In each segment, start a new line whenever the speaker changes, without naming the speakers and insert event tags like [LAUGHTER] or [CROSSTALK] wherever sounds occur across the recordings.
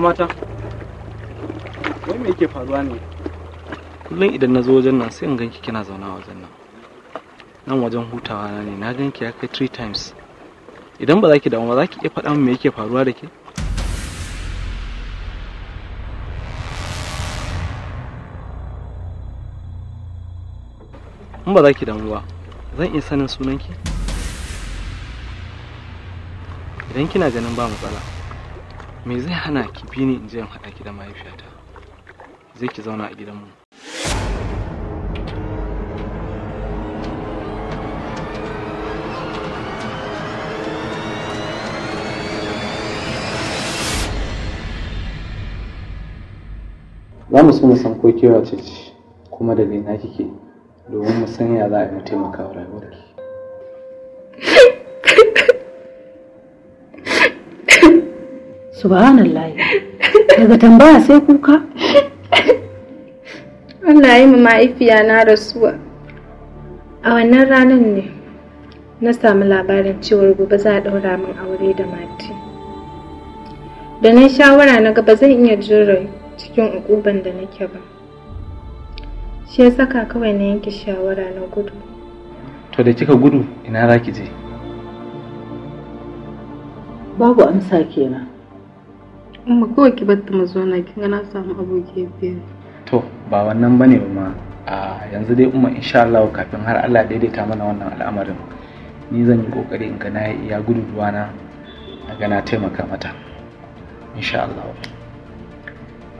Kamata,
wai me yake faruwa ne? Kullum idan na zo wajen nan sai in ganki kina zauna a wajen nan. Nan wajen hutawa na ne, na ganki ya kai three times. Idan ba za ki damu ba za ki iya faɗa min me yake faruwa da ke? In ba za ki damu ba, zan iya sanin sunanki? Idan kina ganin ba matsala. me zai hana ki bi ni in je in haɗa ki da mahaifiyata zai ki zauna a gidanmu za mu so mu san ko kewa kuma da na kike domin mu san ya za a yi mu taimaka wa rayuwarki
subhanallah daga tambaya sai kuka Allah yi ma'aifiya na rasuwa a wannan ranar ne na samu labarin cewar gobe za a ɗaura min aure da mati da na shawara na gaba zan iya jira cikin ukuban da nake ba shi ya saka kawai na yanke shawara na gudu
to da kika gudu ina za ki je
babu amsa kenan amma kawai ki batta mu zo na kin ga na samu aboki biyu
to ba wannan bane ba ma a yanzu dai umma insha Allah kafin har Allah daidaita mana wannan al'amarin ni zan yi kokari in ga na iya guduwa na ga na taimaka mata insha Allah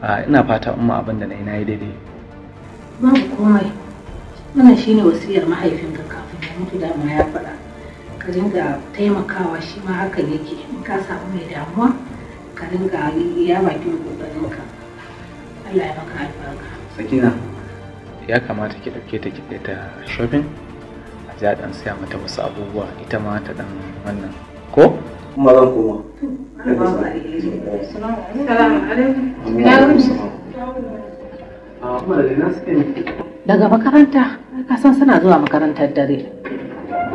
a ina fata umma abin da nayi nayi daidai
babu komai wannan shine wasiyar mahaifinka kafin ya mutu ma ya faɗa ka dinga taimakawa shi ma haka yake in ka samu mai damuwa ka dinga ya bakin kokarin ka Allah ya maka albarka sakina
ya kamata ki dauke ta ki ta shopping a ja dan siya mata wasu abubuwa ita ma ta dan wannan ko kuma zan koma
daga makaranta ka san suna zuwa makarantar dare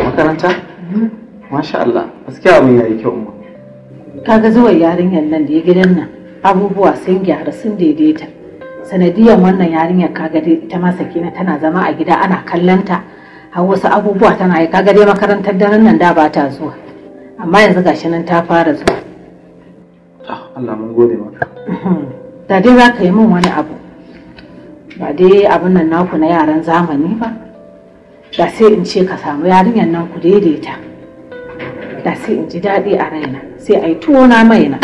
makaranta mm-hmm.
masha Allah gaskiya mun yayi kyau umma
kaga zuwa yarinyar nan da ya gidan nan abubuwa sun gyara sun daidaita sanadiyar wannan yarinyar kaga dai ita ma sakina tana zama a gida ana kallanta har wasu abubuwa tana yi kaga dai makarantar daren nan da ba ta zuwa amma yanzu gashi nan ta fara zuwa
ah, Allah mun gode maka
[CLEARS THROAT] da dai za ka yi min wani abu ba dai abin nan naku na yaran zamani ba da sai in ce ka samu yarinyar nan ku daidaita da sai in ji daɗi a raina sai a yi tuwo na maina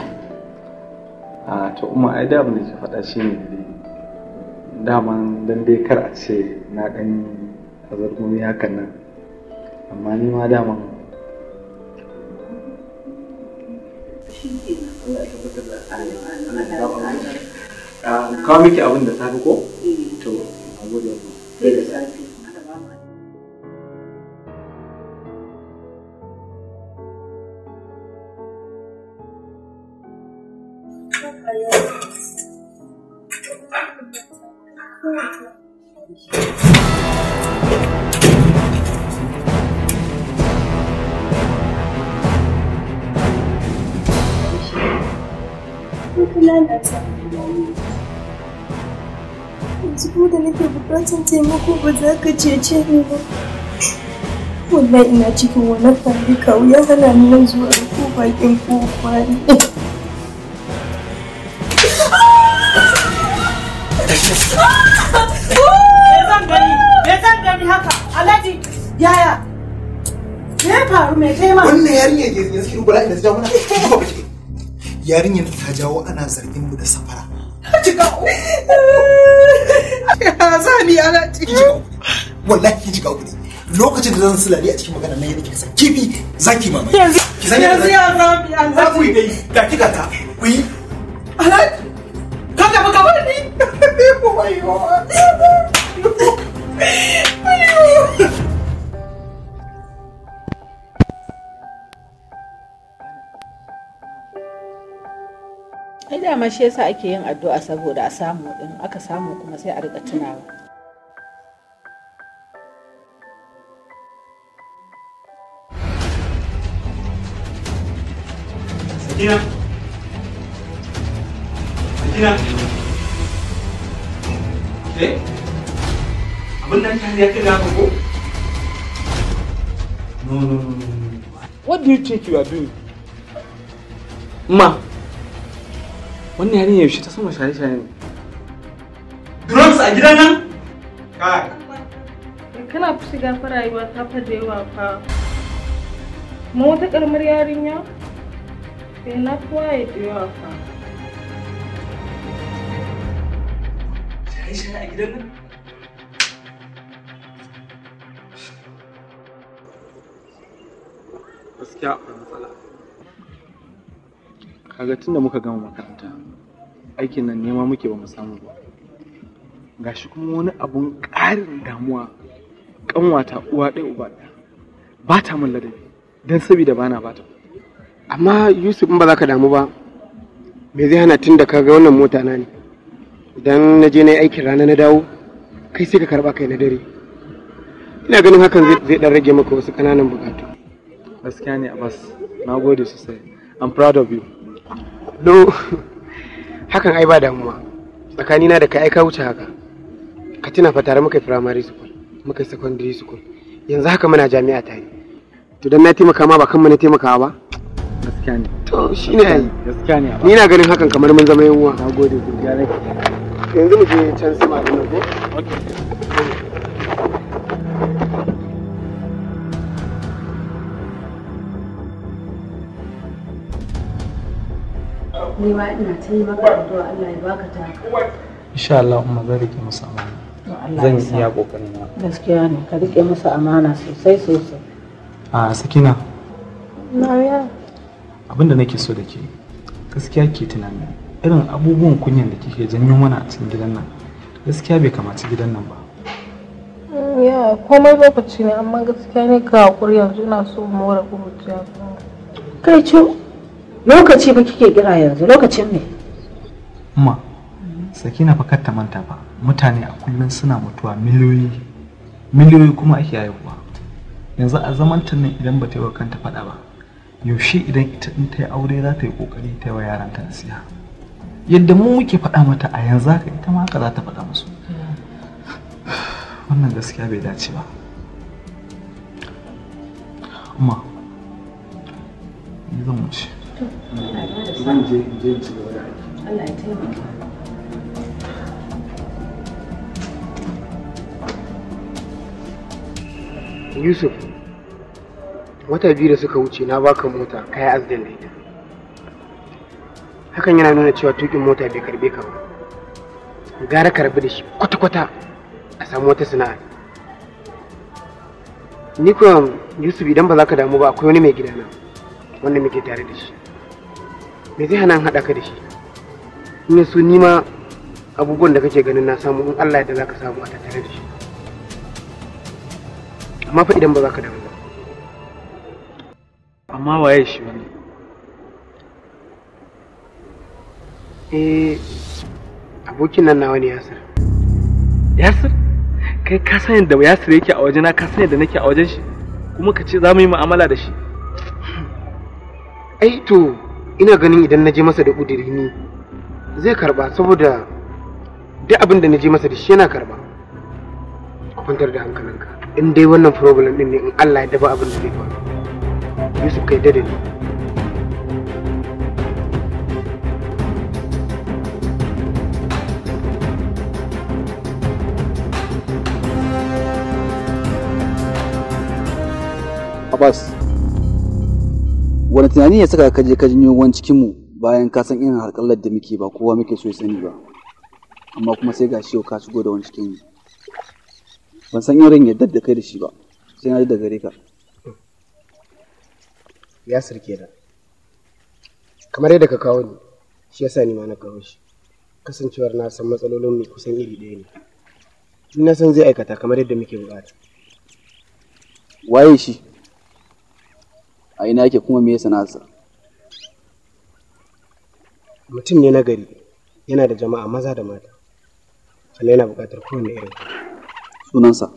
a to Umar ai da abin da ke faɗa shi ne da daman dan dai kar a ce na ɗan gumi hakan nan amma ni ma daman kawo miki abin da safe ko? Eh. to a gode
sai da safe buƙatar taimako ba za ka cece ni ba wallahi ina cikin wannan fari kawo ya hana ni nan zuwa ko bakin ko fari Yaya? Me ya faru me kai ma?
Wannan yarinya ke yanzu ki rubala ina ta jawo mana. Yarinyar ta jawo ana zargin mu da safara. Cika. [LAUGHS] zami [LAUGHS] za ni ana ciki ji wallahi ki ji gawo lokacin da zan ne a cikin magana nan yadda kika san kifi zaki mamaki yanzu yanzu ya za mu an za dai ga kika ta ku yi alhaji ka ga maka wani
wayo
dama shi yasa ake yin addu'a saboda a samu din aka samu kuma sai a rika tunawa
What do you think you are doing Ma wannan yarin yaushe ta sama shaye-shaye ne
drugs a gidan nan kai kana fi shiga fa rayuwa ta fada yawa fa kuma wata karamar yarinya sai na kuwa ya da yawa fa
shaye shari a gidan nan
gaskiya akwai matsala kaga tunda muka gama makaranta aikin nan nema muke ba mu samu ba gashi kuma wani abun ƙarin damuwa kanwata uwa ɗaya uba
ɗaya ba ta mun ladabi don saboda bana ba ta amma yusuf in ba za ka damu ba me zai hana tun da ka ga wannan mota na ne idan na je na yi aikin rana na dawo kai sai ka karɓa kai na dare ina ganin hakan zai ɗan rage maka wasu ƙananan buƙatu gaskiya ne abbas na gode sosai i'm proud of you do [LAUGHS] hakan ai ba damuwa tsakani na da kai ai ka wuce haka ka tuna fa tare muka primary school muka secondary school yanzu haka muna jami'a tare to dan na taimaka ma ba kan na taimakawa ba gaskiya ne to
shine ai gaskiya ne
ni na ganin hakan kamar mun zama yan uwa nagode godiya nake yanzu mu je can sama da nan ko okay
ni ma ina ta yi maka addu'a Allah ya baka ta
insha Allah umma zai rike masa amana zan yi iya kokari na
gaskiya ne ka rike masa amana sosai sosai
a sakina Mariya abinda nake so da ke gaskiya ke tunani irin abubuwan kunyan da kike janyo mana a cikin gidan nan gaskiya bai kamaci gidan nan ba
mm, ya komai lokaci ne amma gaskiya ne ka hakuri yanzu ina so mu rabu kai ciwo lokaci ba kike kira yanzu lokacin ne.
ma sakina na kar ta manta ba mutane a kullum suna mutuwa miliyoyi miliyoyi kuma ake haihuwa yanzu a tun nan idan ba ta yi wa kanta faɗa ba yaushe idan ita in ta yi aure za ta yi ƙoƙari ta yi wa yaranta nasiha yadda mu muke faɗa mata a yanzu haka ita ma haka za ta faɗa musu wannan gaskiya bai dace ba amma
zan je in ci gaba da aiki Allah ya taimaka
Yusuf wata biyu da suka wuce na baka mota kai azdan da ita hakan yana nuna cewa tukin mota bai karbe ka ba gara ka rabu da shi kwata-kwata a samu wata sana'a ni kuwa yusuf idan ba za ka damu ba akwai wani mai gidana wanda muke tare da shi me zai hana haɗa ka da shi in so ni ma abubuwan da kake ganin na samu in Allah yadda za ka samu a tattare da shi amma fa idan ba za ka damu ba amma waye shi wani eh abokin nan nawa ne yasir
yasir kai ka san yadda yasir yake a wajena ka san yadda nake a wajen shi
kuma ka ce za mu yi mu'amala da shi ai to ina ganin idan na je masa da ƙudiri ni zai karba saboda duk abin da na je masa da shi yana karba ku kwantar da hankalinka in dai wannan problem din ne in Allah ya daba abin da zai faru Yusuf kai da ni
Abbas wani tunani ya saka ka je ka janyo wani cikin mu bayan ka san irin harkalar da muke ba kowa muke so ya sani ba amma kuma sai gashi yau ka shigo da wani cikin mu ban san irin yadda da kai da shi ba sai na ji da
gare ka ya sirke da kamar yadda ka kawo ni shi yasa ni ma na kawo shi kasancewar na san matsalolin mu kusan iri ɗaya ne na san zai aikata kamar yadda muke bukata
waye shi a ina yake kuma me nasa.
mutum ne na gari yana da jama'a maza da mata sannan yana buƙatar kowane irin sunansa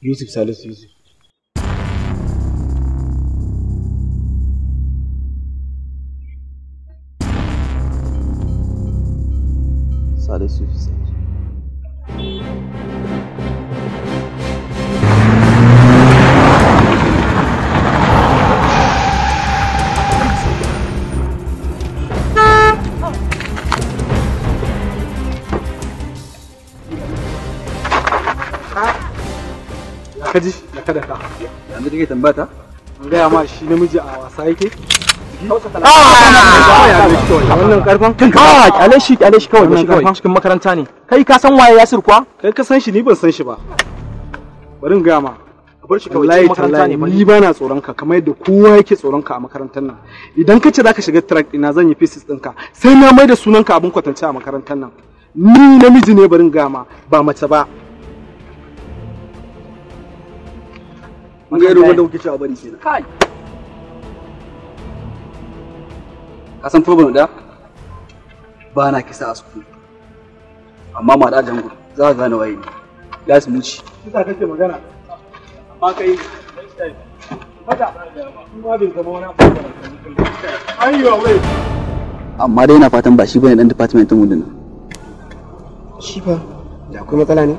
yusuf salisu yusuf
Salisu Yusuf.
kaji
da kada ka yanzu kike tambata an gaya ma shi namiji a wasa yake ah! wannan karfan kan ka ah! kyale shi kyale shi kawai shi kawai cikin makaranta ne kai ka san waye Yasir kuwa kai ka san shi ni ban san shi ba bari in gaya ma bar shi kawai cikin makaranta ne ni ba na tsoron ka kamar yadda kowa yake tsoron ka a makarantar nan idan ka ce zaka shiga track ina zan yi thesis ɗinka sai na mai da sunan ka abin kwatance a makarantar nan ni namiji ne barin gama ba mace ba
Mun ga irin wanda kuke cewa bari kenan. Kai. Ka san problem da? Ba na kisa a sukuni. Amma ma da jango za ka gane waye ne. Ya su muci.
Kisa kake magana.
Amma kai amma dai na fatan ba shi bane dan department mu dinnan
shi fa da akwai matsala ne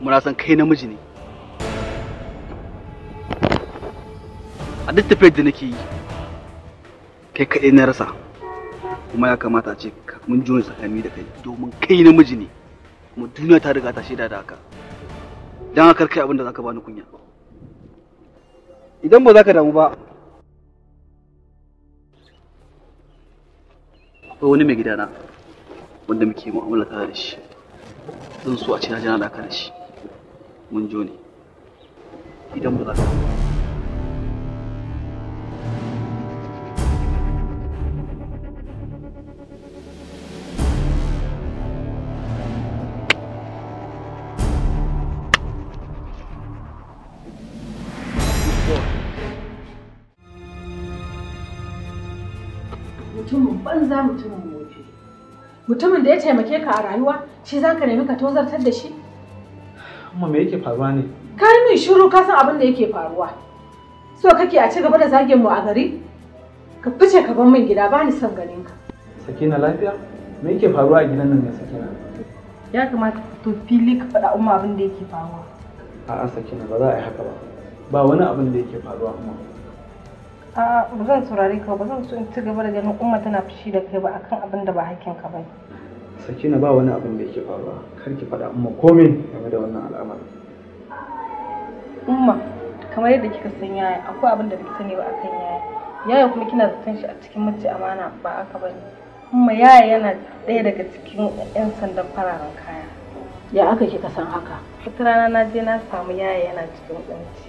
muna san kai namiji ne a duk tafiyar da nake yi kai kaɗai na rasa kuma ya kamata a ce mun juna tsakani da kai domin kai namiji ne kuma duniya ta riga ta shaida da haka don haka kai abin da zaka bani kunya idan ba za ka damu ba akwai wani mai gidana wanda muke mu'amala tare da shi zan so a ce na jana da shi mun jo ne idan ba za ka
mutumin banza mutumin mutumin da ya taimake ka a rayuwa shi za ka nemi ka tozartar da shi
Kuma me yake faruwa ne?
Ka yi min shiru ka san abin da yake faruwa. So kake a ci gaba da zagin mu a gari? Ka fice ka bar min gida ba ni son ganin ka.
Sakina lafiya? Me yake faruwa a gidan nan ne Sakina?
Ya kamata to fili ka faɗa umma abin da yake faruwa.
A'a Sakina ba za a yi haka ba. Ba wani abin da yake faruwa umma.
A'a ba zan saurare ka ba zan so in ci gaba da ganin umma tana fushi da kai ba akan abin da ba hakkin ka ba.
na ba wani abin da yake faruwa kar ki faɗa umma komai game da wannan
al'amarin
umma kamar yadda kika san yaya akwai abin da kika sani ba akan yaya yaya kuma kina zaton shi a cikin mace amana ba aka bane umma yaya yana ɗaya daga cikin yan sandan fararen kaya ya aka kika san haka wata rana na je na samu yaya yana cikin ɗanci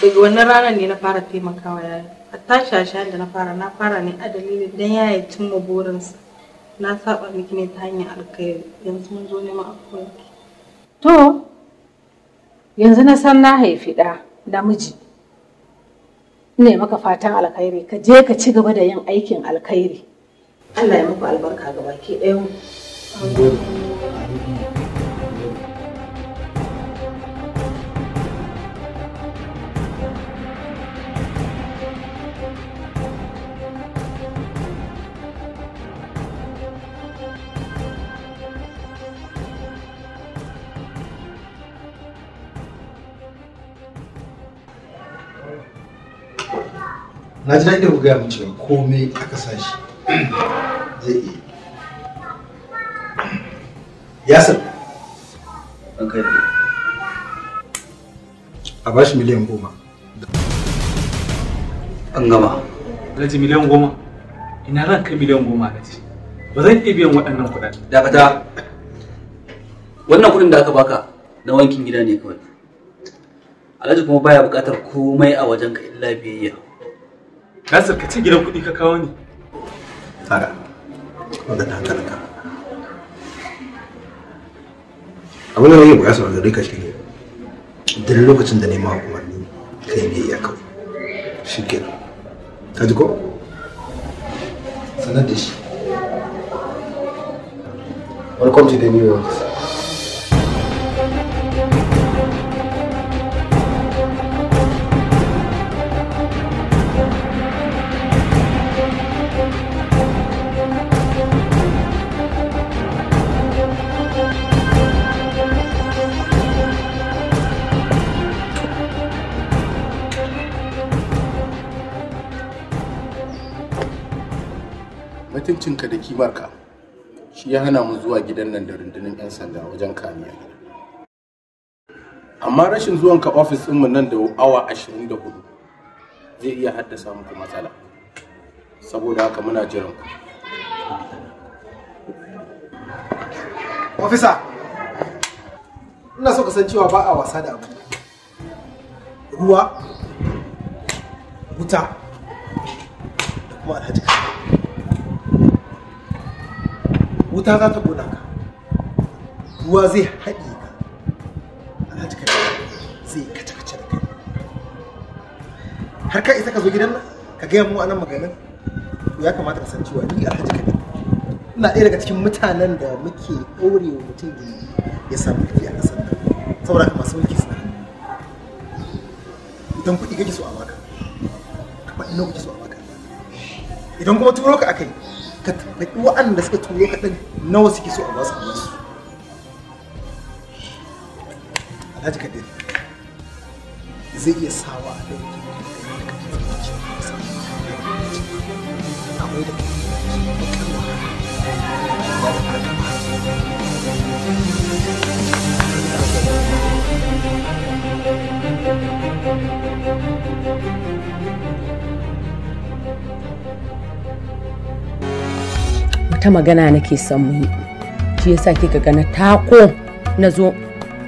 daga wannan ranar ne na fara taimakawa yaya hatta shayar da na fara na fara ne a dalilin dan yi cimma burinsa na saba miki ne ta hanyar alkhairi yanzu mun zo neman akwai to yanzu na san na haifi ɗa namiji ne maka fatan alkhairi ka je ka ci gaba da yin aikin alkhairi Allah ya muku albarka ga baki ɗayan.
na ji daɗin ku gaya cewa komai aka sashi
zai iya yasir
a bashi miliyan goma
an gama alhaji miliyan goma ina ran kai miliyan goma alhaji ba zan iya biyan waɗannan kuɗaɗe dakata wannan kuɗin da aka baka na wankin gida ne kawai alhaji kuma baya buƙatar komai a wajenka illa biyayya Nasir ka ce gidan kuɗi ka kawo ni. Fara, wanda ta hankali ka.
Abin da nake buƙatar a gare ka shi ne, duk lokacin da nema umarni ka yi biyayya kawai. Shi ke nan. Ka ji ko? Sanar da shi. Welcome to the new world.
mutuncinka da kimarka shi ya hana mu zuwa gidan nan da rundunar 'yan sanda wajen kamiya amma rashin zuwanka ofis mu nan da awa 24 zai iya haddasa muku matsala saboda haka muna
jiran ku ofisa ina so san cewa ba a wasa da abu ruwa wuta da kuma alhaji wuta za ta ƙona ka ruwa zai haɗe ka alhaji ka zai kaca kace da kai har ka isa ka zo gidan nan ka gaya mu anan maganin ya kamata ka san cewa ni alhaji ka ina ɗaya daga cikin mutanen da muke ɗorewa mutum da ya samu kuɗi a ƙasar nan saboda haka masu mulki suna idan kuɗi kake so a baka kamar ina kake so a baka idan kuma turo ka akai ka taɓaɓi waɗanda suka turo ka ɗin nawa suke so a basu a alhaji kadir zai iya sawa a ɗauki da
wata magana nake son mu yi shi yasa kika ga na tako na zo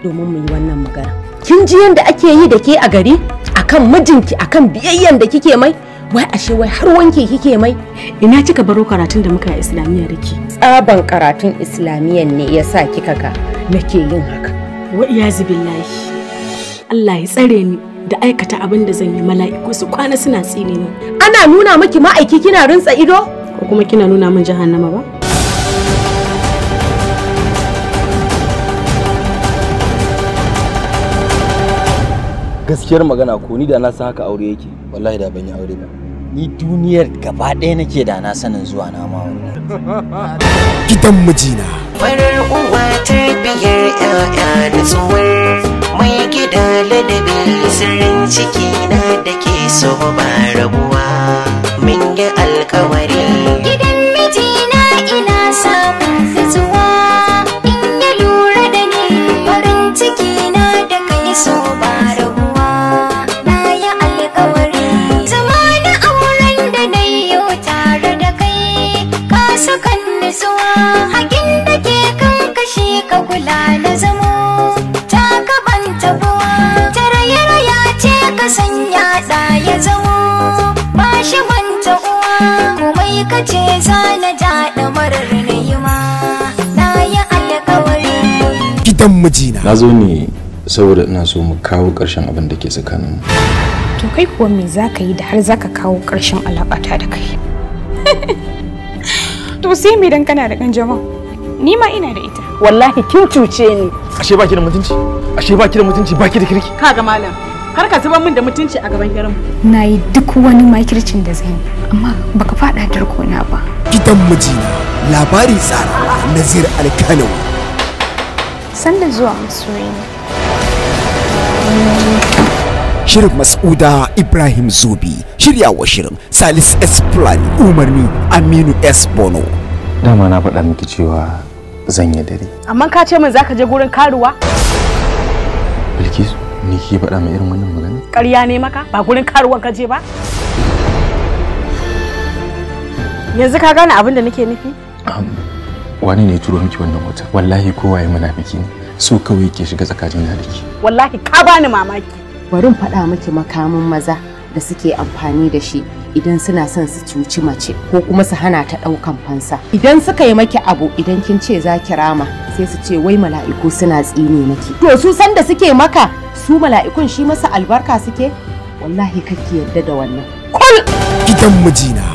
domin mu yi wannan magana kin ji yadda ake yi da ke a gari akan mijinki akan biyayyan da kike mai wai ashe wai har wanke kike mai ina kika baro karatun da muka yi islamiyya da ke tsaban karatun islamiyyan ne yasa kika ga nake yin haka wa iyazu billahi Allah ya tsare ni da aikata abin da zan yi mala'iku su kwana suna tsine ni ana nuna miki ma'aiki kina rintsa ido ko kuma kina nuna min jahannama ba
gaskiyar magana ko
ni da na san haka aure yake wallahi da ban yi aure ba ni duniyar gaba ɗaya nake da na sanin
zuwa na ma
wannan
[LAUGHS] gidan mijina
farar uwa tarbiyar ƴaƴa da tsuwar mai gida ladabi sirrin ciki na da ke so ba rabuwa da alkawari gidan mijina ina samun fituwa in ya lura
da ni farin ciki na da kai so ba rabuwa na yi alkawari zama na auren da na yi tare da kai
ka sakan nutsuwa kace za na jaɗa marar na yi na yi gidan mijina na zo ne saboda ina so mu kawo ƙarshen abin da ke tsakanin
to kai kuwa me za ka yi da har za ka kawo ƙarshen alaƙata da kai [LAUGHS] to sai me dan kana da kanjamau ni ma ina da ita wallahi kin
cuce ni ashe baki da mutunci ashe baki da mutunci baki da kirki
Ka ga malam har ka zuba min da mutunci a gaban garin na yi duk wani makircin da zan yi amma baka fada darkona ba
gidan mijina labari tsara nazir alkanawa
sanda zuwa masoyi
Shirin Mas'uda Ibrahim Zubi, shiryawa shirin Salis S. Fulani umarni
Aminu S. Bono. Dama na faɗa miki cewa zan yi dare.
Amma ka ce min zaka je gurin karuwa?
Bilkisu. Ni ke faɗa mai irin wannan
magana? Ƙarya ne maka ba gurin karuwan ka je ba? Yanzu ka gane abin da nake nufi?
Wani ne turo miki wannan wata? Wallahi kowaye biki ne. So kawai ke shiga tsakanin da
Wallahi ka bani mamaki. Bari in faɗa miki makamin maza da suke amfani da shi idan suna son su cuci mace ko kuma su hana ta ɗaukan fansa idan suka yi maki abu idan kin ce za ki rama sai su ce wai mala'iku suna tsine maki to su san da suke maka su mala'ikun shi masa albarka suke wallahi kake yadda da wannan kul
gidan mijina